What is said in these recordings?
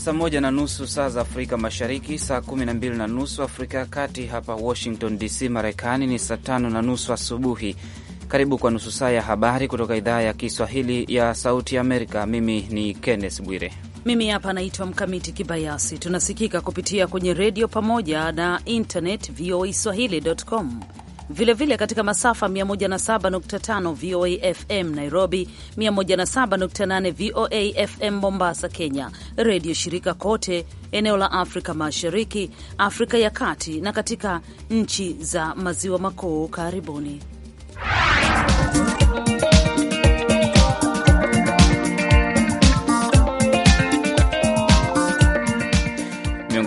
saa moja na nusu saa za Afrika Mashariki, saa kumi na mbili na nusu Afrika ya Kati. Hapa Washington DC, Marekani ni saa tano na nusu asubuhi. Karibu kwa nusu saa ya habari kutoka idhaa ya Kiswahili ya Sauti Amerika. Mimi ni Kenneth Bwire. Mimi hapa naitwa Mkamiti Kibayasi. Tunasikika kupitia kwenye redio pamoja na internet swahili.com vilevile vile katika masafa 107.5 VOA FM Nairobi, 107.8 VOA FM Mombasa, Kenya, redio shirika kote eneo la Afrika Mashariki, Afrika ya Kati na katika nchi za maziwa makuu. Karibuni.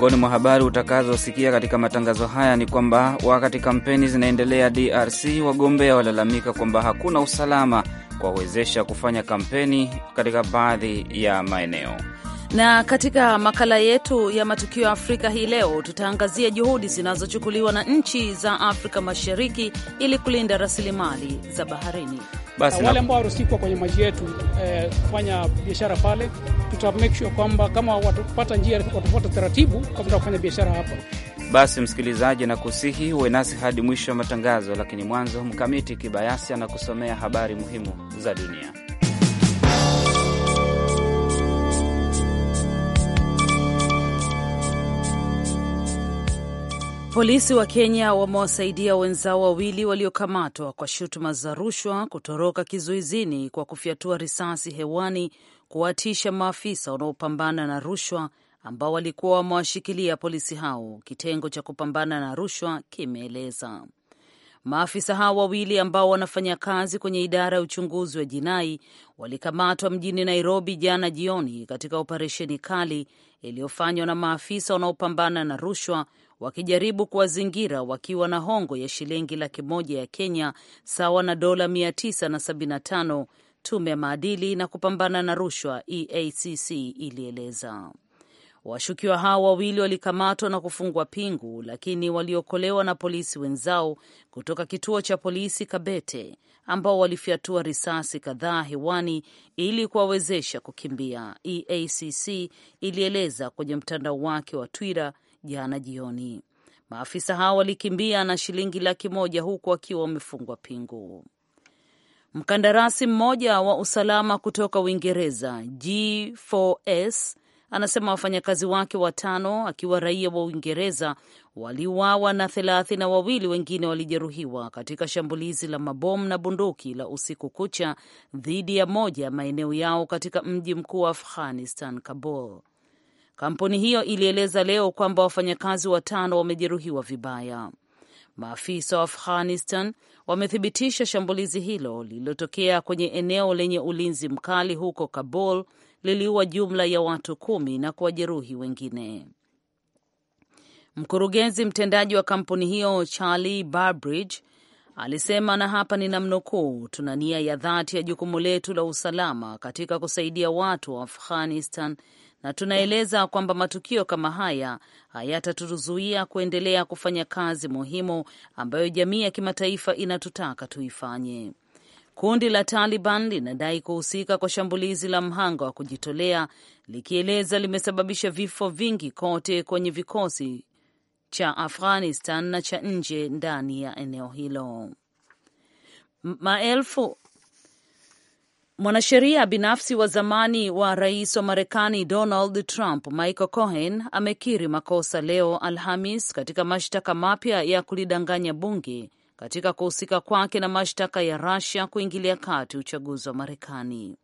Miongoni mwa habari utakazosikia katika matangazo haya ni kwamba wakati kampeni zinaendelea DRC, wagombea walalamika kwamba hakuna usalama kuwawezesha kufanya kampeni katika baadhi ya maeneo. Na katika makala yetu ya matukio ya Afrika hii leo tutaangazia juhudi zinazochukuliwa na nchi za Afrika Mashariki ili kulinda rasilimali za baharini. Basi wale ambao warusikwa kwenye maji yetu eh, kufanya biashara pale, tuta make sure kwamba kama watapata njia, watafuata taratibu kabla kufanya biashara hapa. Basi msikilizaji, na kusihi uwe nasi hadi mwisho wa matangazo, lakini mwanzo Mkamiti Kibayasi anakusomea habari muhimu za dunia. Polisi wa Kenya wamewasaidia wenzao wawili waliokamatwa kwa shutuma za rushwa kutoroka kizuizini kwa kufyatua risasi hewani kuwatisha maafisa wanaopambana na rushwa ambao walikuwa wamewashikilia polisi hao, kitengo cha kupambana na rushwa kimeeleza. Maafisa hao wawili ambao wanafanya kazi kwenye idara ya uchunguzi wa jinai walikamatwa mjini Nairobi jana jioni katika operesheni kali iliyofanywa na maafisa wanaopambana na rushwa wakijaribu kuwazingira wakiwa na hongo ya shilingi laki moja ya Kenya sawa na dola 975, tume ya maadili na kupambana na rushwa EACC ilieleza. Washukiwa hao wawili walikamatwa na kufungwa pingu, lakini waliokolewa na polisi wenzao kutoka kituo cha polisi Kabete, ambao walifyatua risasi kadhaa hewani ili kuwawezesha kukimbia. EACC ilieleza kwenye mtandao wake wa Twitter jana jioni. Maafisa hao walikimbia na shilingi laki moja huku wakiwa wamefungwa pingu. Mkandarasi mmoja wa usalama kutoka Uingereza G4S anasema wafanyakazi wake watano akiwa raia wa Uingereza waliuawa na thelathini na wawili wengine walijeruhiwa katika shambulizi la mabomu na bunduki la usiku kucha dhidi ya moja ya maeneo yao katika mji mkuu wa Afghanistan, Kabul. Kampuni hiyo ilieleza leo kwamba wafanyakazi watano wamejeruhiwa vibaya. Maafisa wa Afghanistan wamethibitisha shambulizi hilo lililotokea kwenye eneo lenye ulinzi mkali huko Kabul liliua jumla ya watu kumi na kuwajeruhi wengine. Mkurugenzi mtendaji wa kampuni hiyo Charlie Barbridge alisema, na hapa ni namnukuu, tuna nia ya dhati ya jukumu letu la usalama katika kusaidia watu wa Afghanistan na tunaeleza kwamba matukio kama haya hayatatuzuia kuendelea kufanya kazi muhimu ambayo jamii ya kimataifa inatutaka tuifanye. Kundi la Taliban linadai kuhusika kwa shambulizi la mhanga wa kujitolea likieleza limesababisha vifo vingi kote kwenye vikosi cha Afghanistan na cha nje ndani ya eneo hilo. Maelfu Mwanasheria binafsi wa zamani wa rais wa Marekani Donald Trump, Michael Cohen, amekiri makosa leo Alhamis katika mashtaka mapya ya kulidanganya bunge katika kuhusika kwake na mashtaka ya rusia kuingilia kati uchaguzi wa Marekani.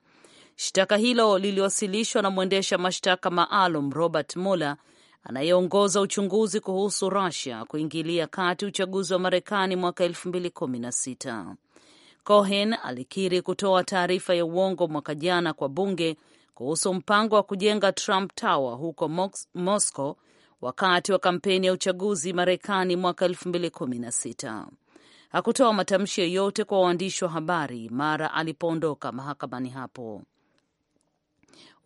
Shtaka hilo liliwasilishwa na mwendesha mashtaka maalum Robert Mueller anayeongoza uchunguzi kuhusu rusia kuingilia kati uchaguzi wa Marekani mwaka 2016. Cohen alikiri kutoa taarifa ya uongo mwaka jana kwa bunge kuhusu mpango wa kujenga Trump Tower huko Moscow wakati wa kampeni ya uchaguzi Marekani mwaka 2016. Hakutoa matamshi yoyote kwa waandishi wa habari mara alipoondoka mahakamani hapo.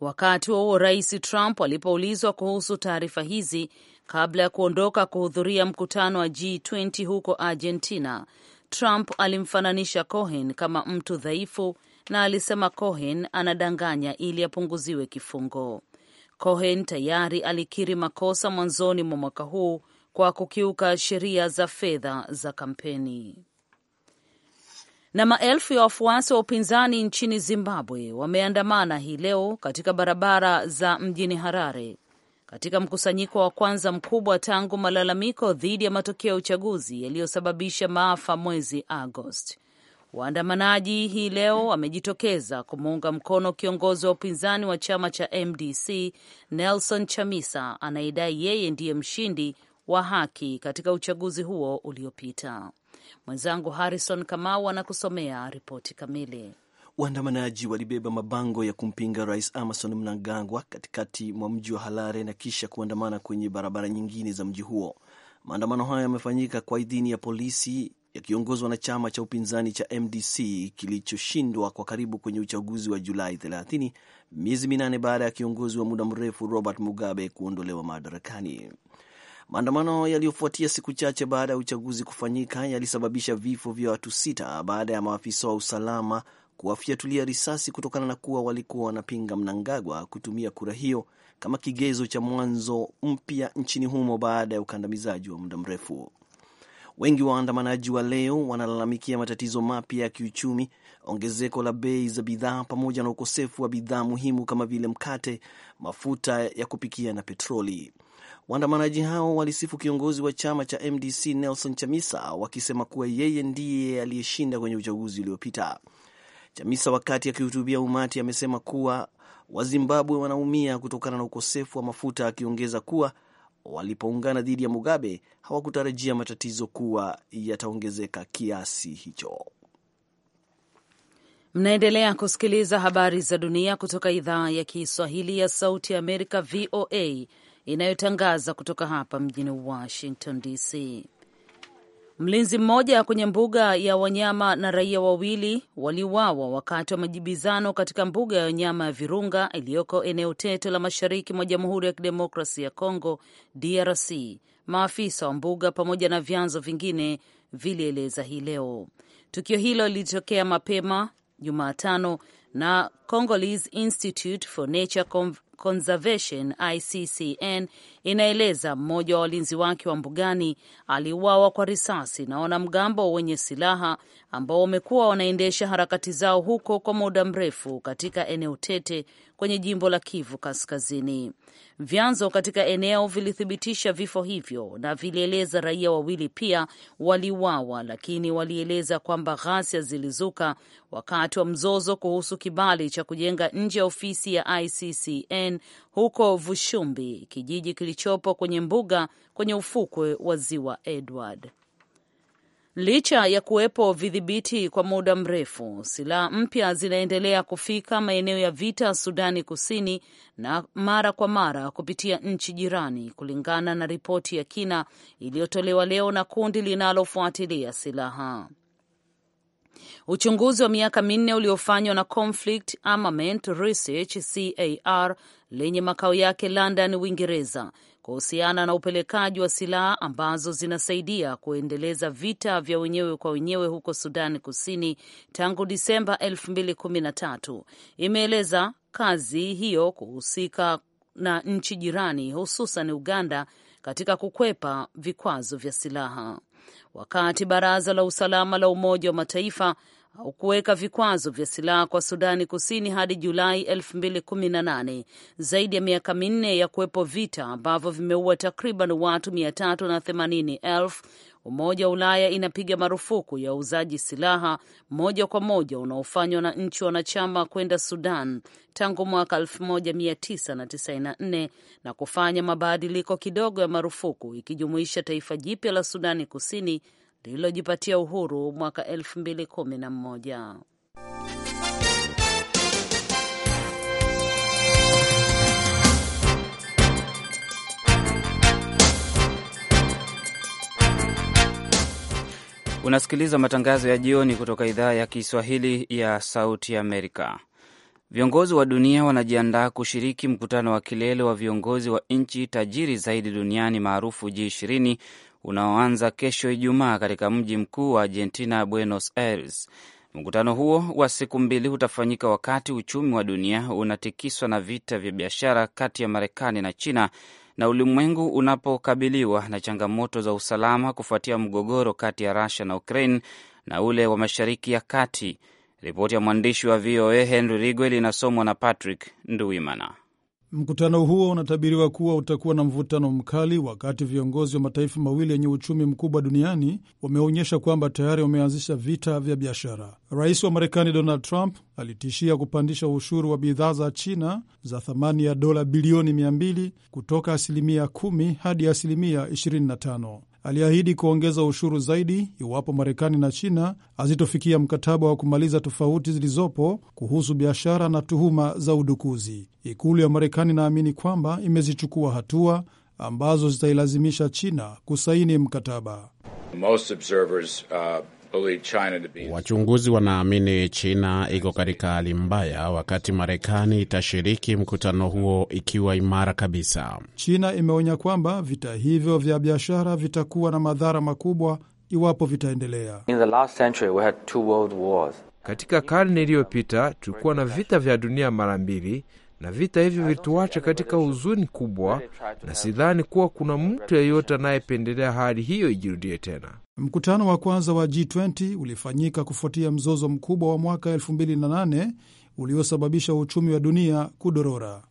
Wakati huo Rais Trump alipoulizwa kuhusu taarifa hizi kabla ya kuondoka kuhudhuria mkutano wa G20 huko Argentina, Trump alimfananisha Cohen kama mtu dhaifu na alisema Cohen anadanganya ili apunguziwe kifungo. Cohen tayari alikiri makosa mwanzoni mwa mwaka huu kwa kukiuka sheria za fedha za kampeni. Na maelfu ya wafuasi wa upinzani nchini Zimbabwe wameandamana hii leo katika barabara za mjini Harare katika mkusanyiko wa kwanza mkubwa tangu malalamiko dhidi ya matokeo ya uchaguzi yaliyosababisha maafa mwezi Agosti. Waandamanaji hii leo wamejitokeza kumuunga mkono kiongozi wa upinzani wa chama cha MDC Nelson Chamisa anayedai yeye ndiye mshindi wa haki katika uchaguzi huo uliopita. Mwenzangu Harrison Kamau anakusomea ripoti kamili. Waandamanaji walibeba mabango ya kumpinga Rais Emmerson Mnangagwa katikati mwa mji wa Harare na kisha kuandamana kwenye barabara nyingine za mji huo. Maandamano hayo yamefanyika kwa idhini ya polisi yakiongozwa na chama cha upinzani cha MDC kilichoshindwa kwa karibu kwenye uchaguzi wa Julai 30 miezi minane baada ya kiongozi wa muda mrefu Robert Mugabe kuondolewa madarakani. Maandamano yaliyofuatia siku chache baada ya uchaguzi kufanyika yalisababisha vifo vya watu sita baada ya maafisa wa usalama kuwafyatulia risasi kutokana na kuwa walikuwa wanapinga Mnangagwa kutumia kura hiyo kama kigezo cha mwanzo mpya nchini humo baada ya ukandamizaji wa muda mrefu. Wengi wa waandamanaji wa leo wanalalamikia matatizo mapya ya kiuchumi, ongezeko la bei za bidhaa, pamoja na ukosefu wa bidhaa muhimu kama vile mkate, mafuta ya kupikia na petroli. Waandamanaji hao walisifu kiongozi wa chama cha MDC Nelson Chamisa wakisema kuwa yeye ndiye aliyeshinda kwenye uchaguzi uliopita. Chamisa wakati akihutubia umati amesema kuwa Wazimbabwe wanaumia kutokana na ukosefu wa mafuta, akiongeza kuwa walipoungana dhidi ya Mugabe hawakutarajia matatizo kuwa yataongezeka kiasi hicho. Mnaendelea kusikiliza habari za dunia kutoka idhaa ya Kiswahili ya Sauti ya Amerika, VOA, inayotangaza kutoka hapa mjini Washington DC. Mlinzi mmoja kwenye mbuga ya wanyama na raia wawili waliuawa wakati wa majibizano katika mbuga ya wanyama ya Virunga iliyoko eneo tete la mashariki mwa Jamhuri ya kidemokrasi ya congo DRC, maafisa wa mbuga pamoja na vyanzo vingine vilieleza hii leo. Tukio hilo lilitokea mapema Jumatano na Congolese Institute for Nature Conservation ICCN inaeleza mmoja wa walinzi wake wa mbugani aliuawa kwa risasi na wanamgambo wenye silaha ambao wamekuwa wanaendesha harakati zao huko kwa muda mrefu katika eneo tete kwenye jimbo la Kivu Kaskazini. Vyanzo katika eneo vilithibitisha vifo hivyo na vilieleza raia wawili pia waliuawa, lakini walieleza kwamba ghasia zilizuka wakati wa mzozo kuhusu kibali cha kujenga nje ya ofisi ya ICCN huko Vushumbi, kijiji kilichopo kwenye mbuga kwenye ufukwe wa ziwa Edward. Licha ya kuwepo vidhibiti kwa muda mrefu, silaha mpya zinaendelea kufika maeneo ya vita Sudani Kusini na mara kwa mara kupitia nchi jirani, kulingana na ripoti ya kina iliyotolewa leo na kundi linalofuatilia silaha. Uchunguzi wa miaka minne uliofanywa na Conflict Armament Research CAR lenye makao yake London, Uingereza kuhusiana na upelekaji wa silaha ambazo zinasaidia kuendeleza vita vya wenyewe kwa wenyewe huko Sudani Kusini tangu Disemba 2013 imeeleza kazi hiyo kuhusika na nchi jirani hususan Uganda katika kukwepa vikwazo vya silaha wakati Baraza la Usalama la Umoja wa Mataifa kuweka vikwazo vya silaha kwa Sudani Kusini hadi Julai 2018, zaidi ya miaka minne ya kuwepo vita ambavyo vimeua takriban watu 380,000 Umoja wa Ulaya inapiga marufuku ya uuzaji silaha moja kwa moja unaofanywa na nchi wanachama kwenda Sudan tangu mwaka 1994 na kufanya mabadiliko kidogo ya marufuku ikijumuisha taifa jipya la Sudani Kusini lililojipatia uhuru mwaka 2011. Unasikiliza matangazo ya jioni kutoka idhaa ya Kiswahili ya Sauti Amerika. Viongozi wa dunia wanajiandaa kushiriki mkutano wa kilele wa viongozi wa nchi tajiri zaidi duniani maarufu G20 unaoanza kesho Ijumaa katika mji mkuu wa Argentina, Buenos Aires. Mkutano huo wa siku mbili utafanyika wakati uchumi wa dunia unatikiswa na vita vya biashara kati ya Marekani na China na ulimwengu unapokabiliwa na changamoto za usalama kufuatia mgogoro kati ya rusia na Ukraine na ule wa Mashariki ya Kati. Ripoti ya mwandishi wa VOA Henry Rigwel inasomwa na Patrick Nduwimana. Mkutano huo unatabiriwa kuwa utakuwa na mvutano mkali, wakati viongozi wa mataifa mawili yenye uchumi mkubwa duniani wameonyesha kwamba tayari wameanzisha vita vya biashara. Rais wa Marekani Donald Trump alitishia kupandisha ushuru wa bidhaa za China za thamani ya dola bilioni 200 kutoka asilimia 10 hadi asilimia 25. Aliahidi kuongeza ushuru zaidi iwapo Marekani na China hazitofikia mkataba wa kumaliza tofauti zilizopo kuhusu biashara na tuhuma za udukuzi. Ikulu ya Marekani inaamini kwamba imezichukua hatua ambazo zitailazimisha China kusaini mkataba. Most observers, uh... Wachunguzi wanaamini China iko katika hali mbaya, wakati Marekani itashiriki mkutano huo ikiwa imara kabisa. China imeonya kwamba vita hivyo vya biashara vitakuwa na madhara makubwa iwapo vitaendelea. Katika karne iliyopita tulikuwa na vita vya dunia mara mbili na vita hivyo vilituacha katika huzuni kubwa, na sidhani kuwa kuna mtu yeyote anayependelea hali hiyo ijirudie tena. Mkutano wa kwanza wa G20 ulifanyika kufuatia mzozo mkubwa wa mwaka 2008 uliosababisha uchumi wa dunia kudorora.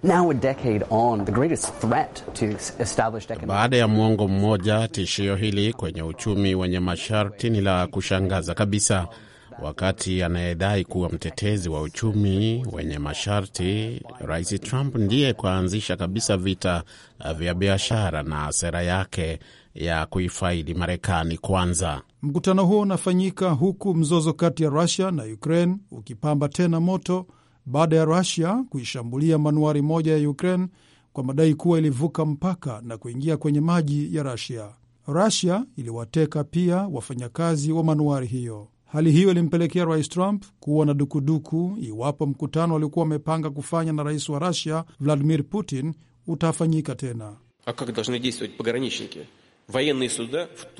Baada ya mwongo mmoja, tishio hili kwenye uchumi wenye masharti ni la kushangaza kabisa. Wakati anayedai kuwa mtetezi wa uchumi wenye masharti, Rais Trump ndiye kuanzisha kabisa vita vya biashara na sera yake ya kuifaidi Marekani kwanza. Mkutano huo unafanyika huku mzozo kati ya Rusia na Ukraine ukipamba tena moto baada ya Rusia kuishambulia manuari moja ya Ukraine kwa madai kuwa ilivuka mpaka na kuingia kwenye maji ya Rusia. Rusia iliwateka pia wafanyakazi wa manuari hiyo. Hali hiyo ilimpelekea rais Trump kuwa na dukuduku iwapo mkutano aliokuwa wamepanga kufanya na rais wa Rusia Vladimir Putin utafanyika tena.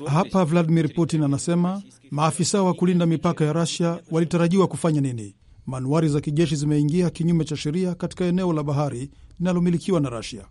Hapa Vladimir Putin anasema maafisa wa kulinda mipaka ya Rusia walitarajiwa kufanya nini? Manuari za kijeshi zimeingia kinyume cha sheria katika eneo la bahari linalomilikiwa na Rusia.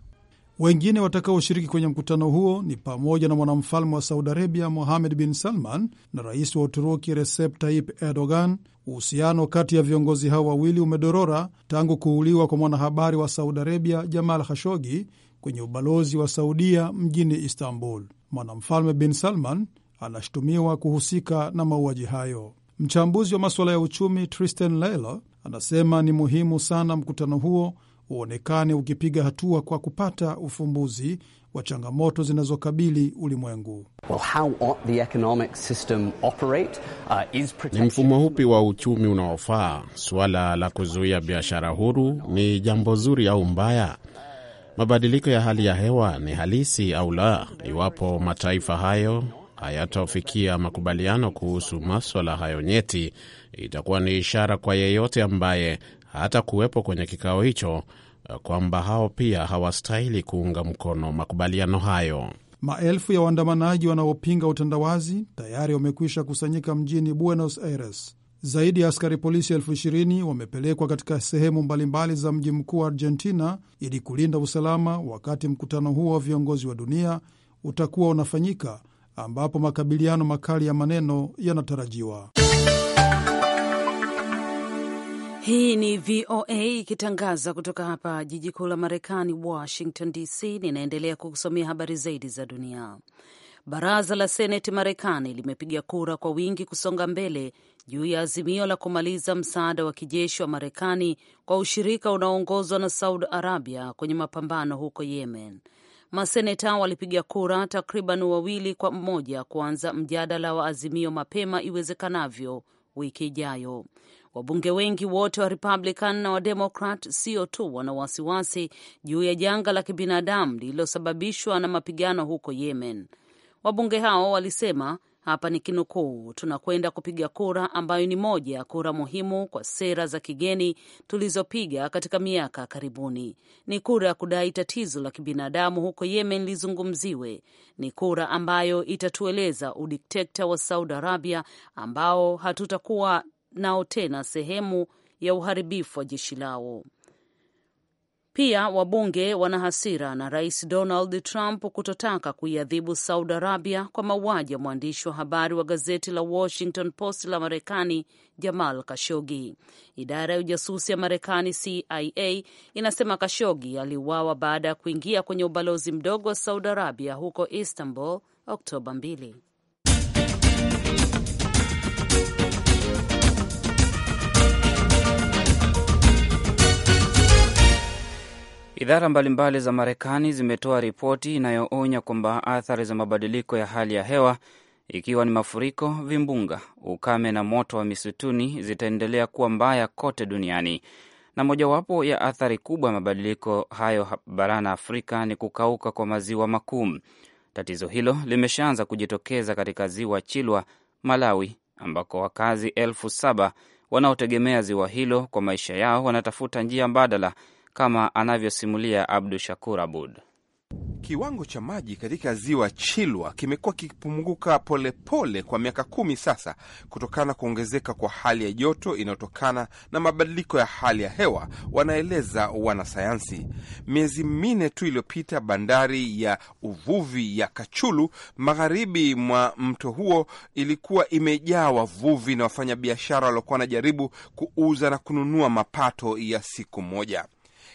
Wengine watakaoshiriki kwenye mkutano huo ni pamoja na mwanamfalme wa Saudi Arabia Mohamed bin Salman na rais wa Uturuki Recep Tayyip Erdogan. Uhusiano kati ya viongozi hao wawili umedorora tangu kuuliwa kwa mwanahabari wa Saudi Arabia Jamal Khashoggi kwenye ubalozi wa Saudia mjini Istanbul. Mwanamfalme bin Salman anashutumiwa kuhusika na mauaji hayo. Mchambuzi wa masuala ya uchumi Tristan Lelo anasema ni muhimu sana mkutano huo uonekane ukipiga hatua kwa kupata ufumbuzi wa changamoto zinazokabili ulimwengu. Uh, ni mfumo upi wa uchumi unaofaa? Suala la kuzuia biashara huru ni jambo zuri au mbaya? Mabadiliko ya hali ya hewa ni halisi au la? Iwapo mataifa hayo hayatafikia makubaliano kuhusu maswala hayo nyeti, itakuwa ni ishara kwa yeyote ambaye hata kuwepo kwenye kikao hicho eh, kwamba hao pia hawastahili kuunga mkono makubaliano hayo. Maelfu ya waandamanaji wanaopinga utandawazi tayari wamekwisha kusanyika mjini Buenos Aires. Zaidi ya askari polisi elfu ishirini wamepelekwa katika sehemu mbalimbali za mji mkuu wa Argentina ili kulinda usalama, wakati mkutano huo wa viongozi wa dunia utakuwa unafanyika, ambapo makabiliano makali ya maneno yanatarajiwa. Hii ni VOA ikitangaza kutoka hapa jiji kuu la Marekani, Washington DC. Ninaendelea kukusomea habari zaidi za dunia. Baraza la Seneti Marekani limepiga kura kwa wingi kusonga mbele juu ya azimio la kumaliza msaada wa kijeshi wa Marekani kwa ushirika unaoongozwa na Saudi Arabia kwenye mapambano huko Yemen. Maseneta walipiga kura takriban wawili kwa mmoja kuanza mjadala wa azimio mapema iwezekanavyo wiki ijayo. Wabunge wengi wote wa Republican na Wademokrat sio tu wana wasiwasi juu ya janga la kibinadamu lililosababishwa na mapigano huko Yemen. Wabunge hao walisema hapa ni kinukuu, tunakwenda kupiga kura ambayo ni moja ya kura muhimu kwa sera za kigeni tulizopiga katika miaka karibuni. Ni kura ya kudai tatizo la kibinadamu huko Yemen lizungumziwe. Ni kura ambayo itatueleza udikteta wa Saudi Arabia ambao hatutakuwa nao tena sehemu ya uharibifu wa jeshi lao. Pia wabunge wana hasira na Rais Donald Trump kutotaka kuiadhibu Saudi Arabia kwa mauaji ya mwandishi wa habari wa gazeti la Washington Post la Marekani, Jamal Kashogi. Idara ya ujasusi ya Marekani, CIA, inasema Kashogi aliuawa baada ya kuingia kwenye ubalozi mdogo wa Saudi Arabia huko Istanbul Oktoba 2. Idara mbalimbali za Marekani zimetoa ripoti inayoonya kwamba athari za mabadiliko ya hali ya hewa ikiwa ni mafuriko, vimbunga, ukame na moto wa misituni zitaendelea kuwa mbaya kote duniani, na mojawapo ya athari kubwa ya mabadiliko hayo barani Afrika ni kukauka kwa maziwa makuu. Tatizo hilo limeshaanza kujitokeza katika ziwa Chilwa, Malawi, ambako wakazi elfu saba wanaotegemea ziwa hilo kwa maisha yao wanatafuta njia mbadala kama anavyosimulia Abdu Shakur Abud. Kiwango cha maji katika ziwa Chilwa kimekuwa kikipunguka polepole kwa miaka kumi sasa kutokana na kuongezeka kwa hali ya joto inayotokana na mabadiliko ya hali ya hewa, wanaeleza wanasayansi. Miezi minne tu iliyopita, bandari ya uvuvi ya Kachulu magharibi mwa mto huo ilikuwa imejaa wavuvi na wafanyabiashara waliokuwa wanajaribu kuuza na kununua mapato ya siku moja.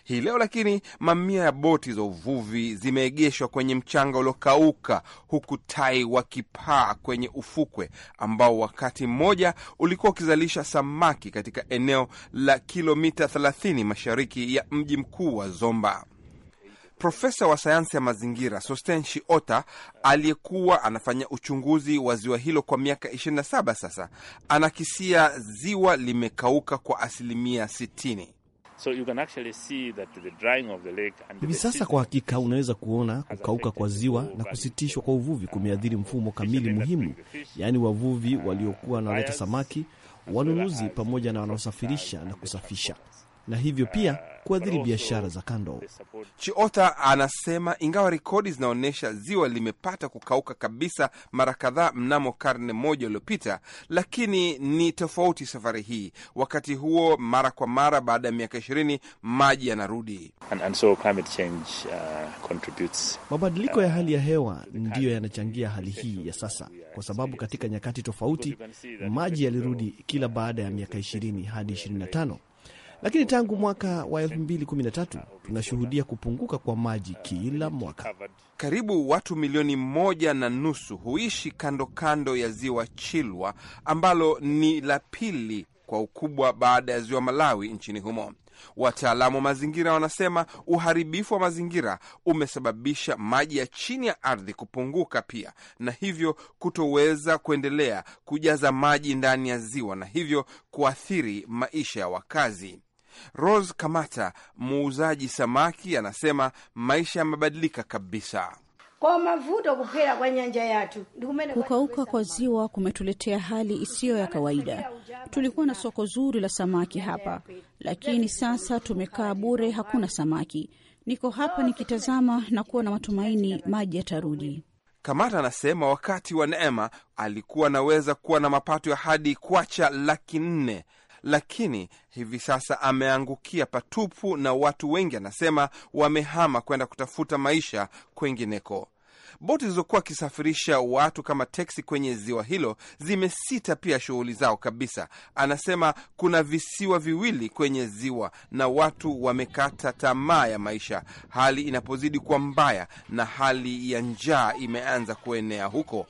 Hii leo lakini, mamia ya boti za uvuvi zimeegeshwa kwenye mchanga uliokauka, huku tai wakipaa kwenye ufukwe ambao wakati mmoja ulikuwa ukizalisha samaki katika eneo la kilomita 30 mashariki ya mji mkuu wa Zomba. Profesa wa sayansi ya mazingira Sosten Shiota aliyekuwa anafanya uchunguzi wa ziwa hilo kwa miaka 27 sasa, anakisia ziwa limekauka kwa asilimia 60. So you can actually see that the drying of the lake and hivi sasa kwa hakika unaweza kuona kukauka kwa ziwa na kusitishwa kwa uvuvi kumeathiri mfumo kamili muhimu, yaani wavuvi waliokuwa wanaleta samaki, wanunuzi, pamoja na wanaosafirisha na kusafisha na hivyo pia kuathiri biashara za kando. Chiota anasema ingawa rekodi zinaonyesha ziwa limepata kukauka kabisa mara kadhaa mnamo karne moja iliyopita, lakini ni tofauti safari hii. Wakati huo mara kwa mara baada ya miaka ishirini maji yanarudi. So uh, mabadiliko ya uh, hali ya hewa ndiyo yanachangia hali hii ya sasa, kwa sababu katika nyakati tofauti maji yalirudi kila baada ya miaka ishirini hadi ishirini na tano lakini tangu mwaka wa 2013 tunashuhudia kupunguka kwa maji kila mwaka. Karibu watu milioni moja na nusu huishi kando kando ya ziwa Chilwa ambalo ni la pili kwa ukubwa baada ya ziwa Malawi nchini humo. Wataalamu wa mazingira wanasema uharibifu wa mazingira umesababisha maji ya chini ya ardhi kupunguka pia, na hivyo kutoweza kuendelea kujaza maji ndani ya ziwa, na hivyo kuathiri maisha ya wakazi. Rose Kamata, muuzaji samaki, anasema maisha yamebadilika kabisa. Kukauka kwa ziwa kumetuletea hali isiyo ya kawaida. Tulikuwa na soko zuri la samaki hapa, lakini sasa tumekaa bure, hakuna samaki. Niko hapa nikitazama na kuwa na matumaini maji yatarudi. Kamata anasema wakati wa neema alikuwa anaweza kuwa na mapato ya hadi kwacha laki nne, lakini hivi sasa ameangukia patupu, na watu wengi anasema wamehama kwenda kutafuta maisha kwengineko. Boti zilizokuwa akisafirisha watu kama teksi kwenye ziwa hilo zimesita pia shughuli zao kabisa. Anasema kuna visiwa viwili kwenye ziwa na watu wamekata tamaa ya maisha, hali inapozidi kuwa mbaya na hali ya njaa imeanza kuenea huko.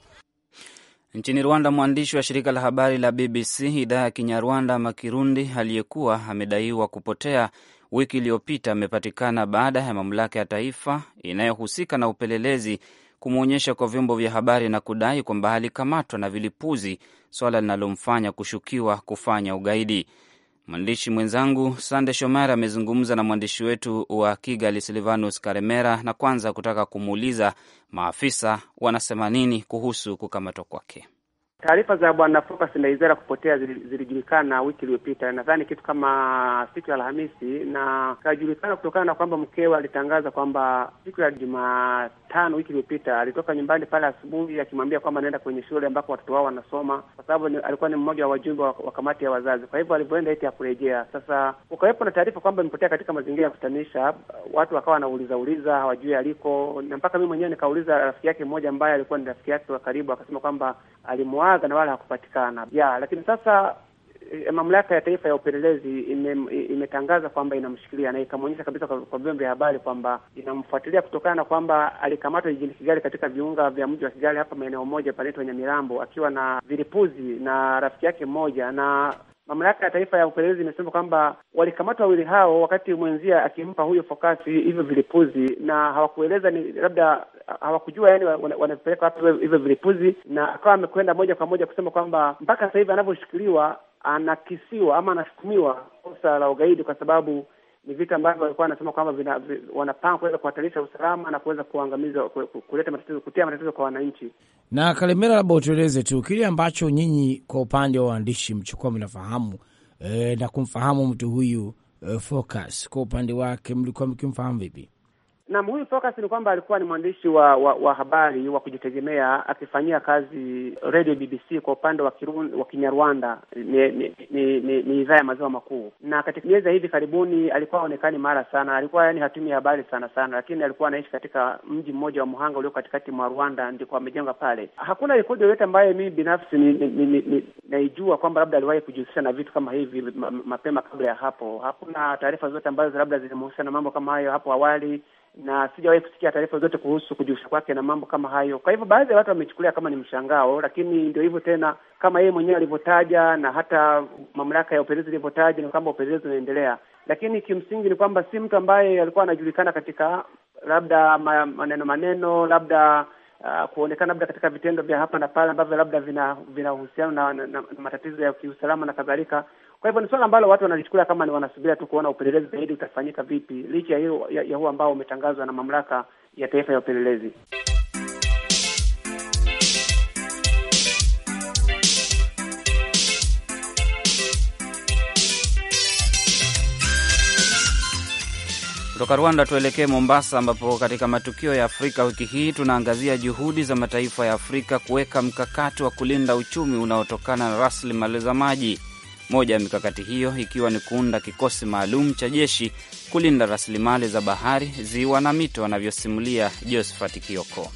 Nchini Rwanda, mwandishi wa shirika la habari la BBC idhaa ya Kinyarwanda Makirundi aliyekuwa amedaiwa kupotea wiki iliyopita amepatikana baada ya mamlaka ya taifa inayohusika na upelelezi kumwonyesha kwa vyombo vya habari na kudai kwamba alikamatwa na vilipuzi, swala linalomfanya kushukiwa kufanya ugaidi. Mwandishi mwenzangu Sande Shomari amezungumza na mwandishi wetu wa Kigali, Silvanus Karemera, na kwanza kutaka kumuuliza maafisa wanasema nini kuhusu kukamatwa kwake. Taarifa za bwana Focus Ndayizera kupotea zilijulikana wiki iliyopita, nadhani kitu kama siku ya Alhamisi, na kajulikana kutokana na kwamba mkewe alitangaza kwamba siku ya Jumatano wiki iliyopita alitoka nyumbani pale asubuhi akimwambia kwamba anaenda kwenye shule ambako watoto wao wanasoma, kwa sababu alikuwa ni mmoja wa wajumbe wa kamati ya wazazi. Kwa hivyo alivyoenda eti hakurejea. Sasa ukawepo na taarifa kwamba amepotea katika mazingira ya kutatanisha, watu wakawa wanauliza uliza, hawajui aliko, na mpaka mimi mwenyewe nikauliza rafiki yake mmoja ambaye alikuwa ni rafiki yake wa karibu, akasema kwamba alimwa hadha na wala hakupatikana ya. Lakini sasa e, mamlaka ya taifa ya upelelezi imetangaza ime kwamba inamshikilia na ikamwonyesha kabisa kwa vyombo vya habari kwamba inamfuatilia kutokana na kwamba alikamatwa jijini Kigali katika viunga vya mji wa Kigali hapa maeneo moja panaitwa Nyamirambo akiwa na vilipuzi na rafiki yake mmoja na Mamlaka ya Taifa ya Upelelezi imesema kwamba walikamata wawili hao wakati mwenzia akimpa huyo fokasi hivyo vilipuzi, na hawakueleza ni labda hawakujua yani wanavipeleka wapi hivyo vilipuzi, na akawa amekwenda moja kwa moja kusema kwamba mpaka sasa hivi anavyoshikiliwa anakisiwa ama anashutumiwa kosa la ugaidi kwa sababu ni vita ambavyo walikuwa wanasema kwamba wanapanga kuweza kuhatarisha usalama na kuweza kuangamiza, kuleta matatizo, kutia matatizo kwa wananchi. Na Kalemera, labda utueleze tu kile ambacho nyinyi kwa upande wa waandishi mchukua mnafahamu e, na kumfahamu mtu huyu e, Focus kwa upande wake mlikuwa mkimfahamu vipi? Naam, huyu Focus ni kwamba alikuwa ni mwandishi wa, wa, wa habari wa kujitegemea akifanyia kazi radio BBC kwa upande wa wa Kinyarwanda ni, ni, ni, ni, ni idhaa ya maziwa makuu, na katika miezi ya hivi karibuni alikuwa aonekani mara sana, alikuwa yani hatumi habari sana sana, lakini alikuwa anaishi katika mji mmoja wa Muhanga ulio katikati mwa Rwanda, ndiko amejenga pale. Hakuna rekodi yoyote ambayo mimi binafsi ni, ni, ni, ni, ni, naijua kwamba labda aliwahi kujihusisha na vitu kama hivi mapema kabla ya hapo. Hakuna taarifa zote ambazo labda zilimhusisha na mambo kama hayo hapo awali na sijawahi kusikia taarifa zote kuhusu kujihusisha kwake na mambo kama hayo. Kwa hivyo baadhi ya watu wamechukulia kama ni mshangao, lakini ndio hivyo tena, kama yeye mwenyewe alivyotaja na hata mamlaka ya upelelezi ilivyotaja, ni kwamba upelelezi unaendelea, lakini kimsingi ni kwamba si mtu ambaye alikuwa anajulikana katika labda maneno maneno, labda uh, kuonekana labda katika vitendo vya hapa na pale ambavyo labda vina vinahusiana na, na, na matatizo ya kiusalama na kadhalika. Kwa hivyo ni swala ambalo watu wanalichukulia kama ni wanasubiria tu kuona upelelezi zaidi utafanyika vipi, licha ya, ya, ya huo ambao umetangazwa na mamlaka ya taifa ya upelelezi. Kutoka Rwanda tuelekee Mombasa, ambapo katika matukio ya Afrika wiki hii tunaangazia juhudi za mataifa ya Afrika kuweka mkakati wa kulinda uchumi unaotokana na rasilimali za maji. Moja ya mikakati hiyo ikiwa ni kuunda kikosi maalum cha jeshi kulinda rasilimali za bahari, ziwa na mito, anavyosimulia Josephat Kioko.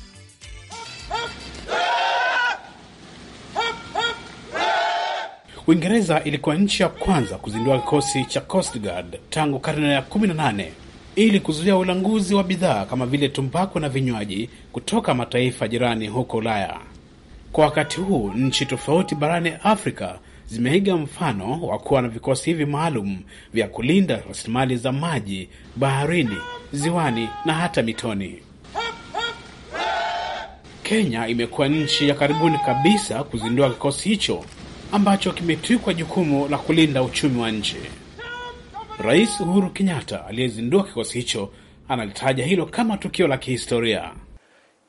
Uingereza ilikuwa nchi ya kwanza kuzindua kikosi cha Coast Guard tangu karne ya 18 ili kuzuia ulanguzi wa bidhaa kama vile tumbako na vinywaji kutoka mataifa jirani huko Ulaya. Kwa wakati huu nchi tofauti barani Afrika zimeiga mfano wa kuwa na vikosi hivi maalum vya kulinda rasilimali za maji baharini, ziwani na hata mitoni. Kenya imekuwa nchi ya karibuni kabisa kuzindua kikosi hicho ambacho kimetwikwa jukumu la kulinda uchumi wa nchi. Rais Uhuru Kenyatta aliyezindua kikosi hicho analitaja hilo kama tukio la kihistoria.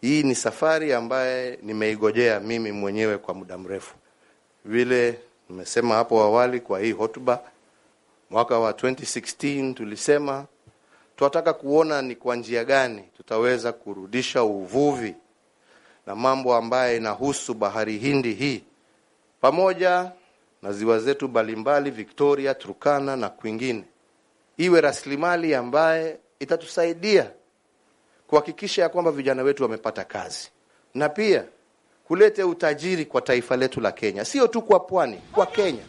Hii ni safari ambaye nimeigojea mimi mwenyewe kwa muda mrefu. Vile Nimesema hapo awali kwa hii hotuba, mwaka wa 2016 tulisema tunataka kuona ni kwa njia gani tutaweza kurudisha uvuvi na mambo ambayo inahusu bahari Hindi hii pamoja na ziwa zetu mbalimbali Victoria, Turkana na kwingine, iwe rasilimali ambaye itatusaidia kuhakikisha ya kwamba vijana wetu wamepata kazi na pia kulete utajiri kwa taifa letu la Kenya, sio tu kwa pwani, kwa Kenya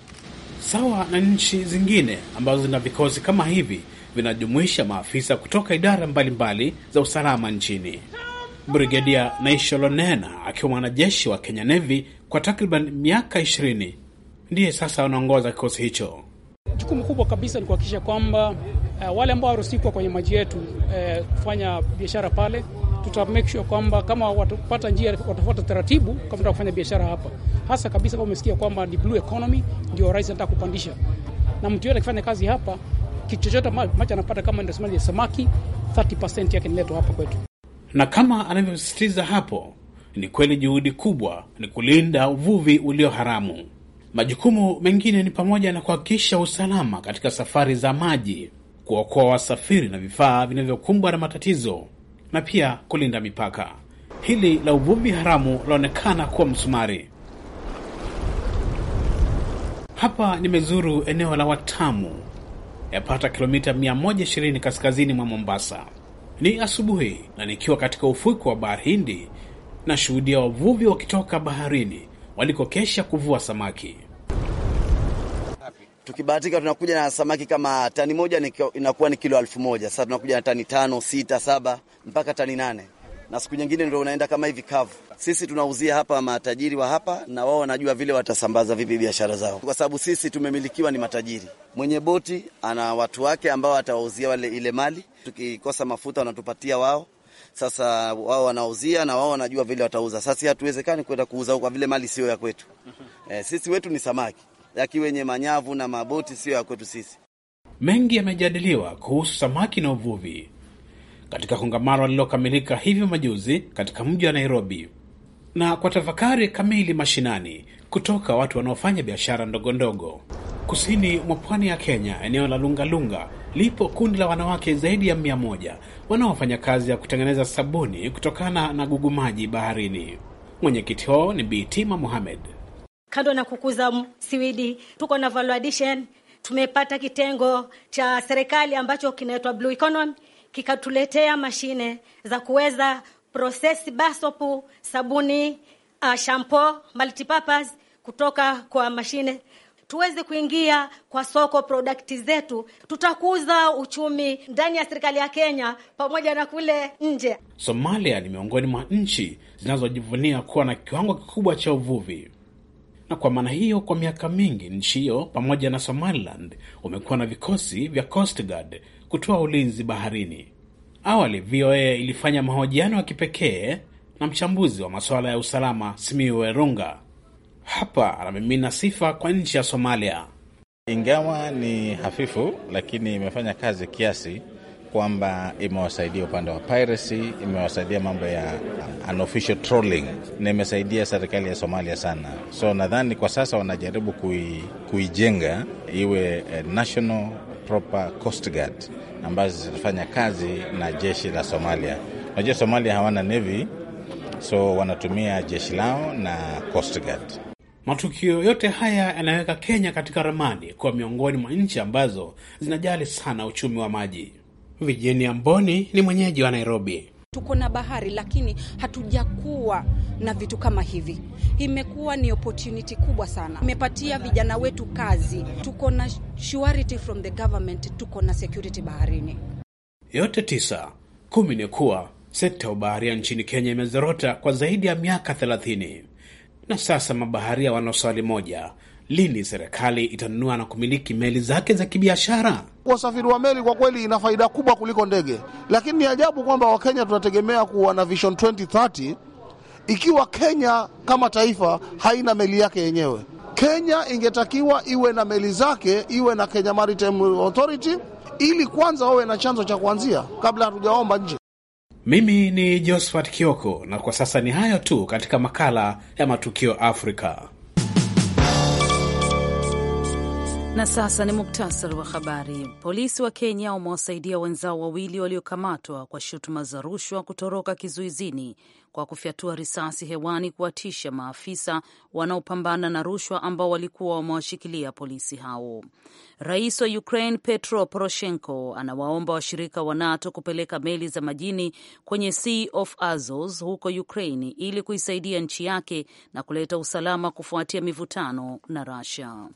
sawa na nchi zingine ambazo zina vikosi kama hivi vinajumuisha maafisa kutoka idara mbalimbali mbali za usalama nchini. Brigedia Naisholonena akiwa mwanajeshi wa Kenya Navy kwa takriban miaka 20 ndiye sasa anaongoza kikosi hicho. Jukumu kubwa kabisa ni kuhakikisha kwamba uh, wale ambao haruhusiwi kwenye maji yetu uh, kufanya biashara pale tuta make sure kwamba kama watapata njia watafuata taratibu kama tunataka kufanya biashara hapa, hasa kabisa kama umesikia kwamba ni blue economy ndio rais anataka kupandisha, na mtu yote akifanya kazi hapa, kitu chochote macho anapata kama ndio ya samaki 30% yake inaletwa hapa kwetu. Na kama anavyosisitiza hapo, ni kweli juhudi kubwa ni kulinda uvuvi ulio haramu. Majukumu mengine ni pamoja na kuhakikisha usalama katika safari za maji, kuokoa wasafiri na vifaa vinavyokumbwa na matatizo na pia kulinda mipaka. Hili la uvuvi haramu laonekana kuwa msumari. Hapa nimezuru eneo la Watamu, yapata kilomita 120 kaskazini mwa Mombasa. Ni asubuhi na nikiwa katika ufukwe wa bahari Hindi, nashuhudia wavuvi wakitoka baharini walikokesha kuvua samaki tukibahatika tunakuja na samaki kama tani moja ni, inakuwa ni kilo elfu moja. Sasa tunakuja na tani tano, sita, saba mpaka tani nane, na siku nyingine ndio unaenda kama hivi kavu. Sisi tunauzia hapa matajiri wa hapa, na wao wanajua vile watasambaza vipi biashara zao, kwa sababu sisi tumemilikiwa ni matajiri. Mwenye boti ana watu wake ambao atawauzia wale ile mali. Tukikosa mafuta wanatupatia wao sasa wao wanauzia na wao wanajua vile watauza. Sasa hatuwezekani kwenda kuuza huko kwa vile mali sio ya kwetu. E, sisi wetu ni samaki yakiwa yenye manyavu na maboti siyo ya kwetu sisi. Mengi yamejadiliwa kuhusu samaki na uvuvi katika kongamano lililokamilika hivi majuzi katika mji wa Nairobi, na kwa tafakari kamili mashinani kutoka watu wanaofanya biashara ndogondogo. Kusini mwa pwani ya Kenya, eneo la Lungalunga, lipo kundi la wanawake zaidi ya mia moja wanaofanya kazi ya kutengeneza sabuni kutokana na gugumaji baharini. Mwenyekiti wao ni Bitima Mohamed kando na kukuza siwidi, e tuko na value addition. Tumepata kitengo cha serikali ambacho kinaitwa blue economy, kikatuletea mashine za kuweza prosesi basopu, sabuni, uh, shampoo multipurpose kutoka kwa mashine tuweze kuingia kwa soko produkti zetu, tutakuza uchumi ndani ya serikali ya Kenya pamoja na kule nje. Somalia ni miongoni mwa nchi zinazojivunia kuwa na kiwango kikubwa cha uvuvi na kwa maana hiyo, kwa miaka mingi nchi hiyo pamoja na Somaliland umekuwa na vikosi vya Coast Guard kutoa ulinzi baharini. Awali VOA ilifanya mahojiano ya kipekee na mchambuzi wa masuala ya usalama Simiyu Werunga. Hapa anamimina sifa kwa nchi ya Somalia. Ingawa ni hafifu, lakini imefanya kazi kiasi kwamba imewasaidia upande wa piracy, imewasaidia mambo ya um, unofficial trolling na imesaidia serikali ya Somalia sana. So nadhani kwa sasa wanajaribu kui, kuijenga iwe eh, national proper coast guard ambazo zitafanya kazi na jeshi la Somalia. Unajua Somalia hawana navy, so wanatumia jeshi lao na coast guard. Matukio yote haya yanaweka Kenya katika ramani kuwa miongoni mwa nchi ambazo zinajali sana uchumi wa maji. Virginia Mboni ni mwenyeji wa Nairobi. Tuko na bahari lakini hatujakuwa na vitu kama hivi. Imekuwa ni opportunity kubwa sana, imepatia vijana wetu kazi. Tuko na surety from the government, tuko na security baharini. Yote tisa kumi ni kuwa sekta ya ubaharia nchini Kenya imezorota kwa zaidi ya miaka 30 na sasa mabaharia wanaswali moja: lini serikali itanunua na kumiliki meli zake za kibiashara? usafiri wa meli kwa kweli ina faida kubwa kuliko ndege, lakini ni ajabu kwamba Wakenya tunategemea kuwa na Vision 2030 ikiwa Kenya kama taifa haina meli yake yenyewe. Kenya ingetakiwa iwe na meli zake, iwe na Kenya Maritime Authority ili kwanza wawe na chanzo cha kuanzia kabla hatujaomba nje. Mimi ni Josephat Kioko, na kwa sasa ni hayo tu katika makala ya Matukio Afrika. Na sasa ni muktasari wa habari. Polisi wa Kenya wamewasaidia wenzao wawili waliokamatwa kwa shutuma za rushwa kutoroka kizuizini kwa kufyatua risasi hewani kuwatisha maafisa wanaopambana na rushwa ambao walikuwa wamewashikilia polisi hao. Rais wa Ukraine Petro Poroshenko anawaomba washirika wa NATO kupeleka meli za majini kwenye Sea of Azov huko Ukraine ili kuisaidia nchi yake na kuleta usalama kufuatia mivutano na Russia.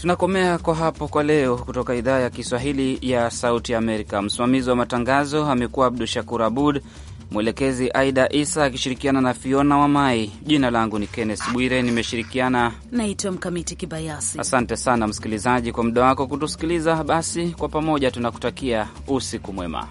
Tunakomea kwa hapo kwa leo, kutoka idhaa ya Kiswahili ya Sauti Amerika. Msimamizi wa matangazo amekuwa Abdu Shakur Abud, mwelekezi Aida Isa akishirikiana na Fiona wa Mai. Jina langu ni Kennes Bwire, nimeshirikiana naitwa Mkamiti Kibayasi. Asante sana msikilizaji kwa muda wako kutusikiliza. Basi kwa pamoja tunakutakia usiku mwema.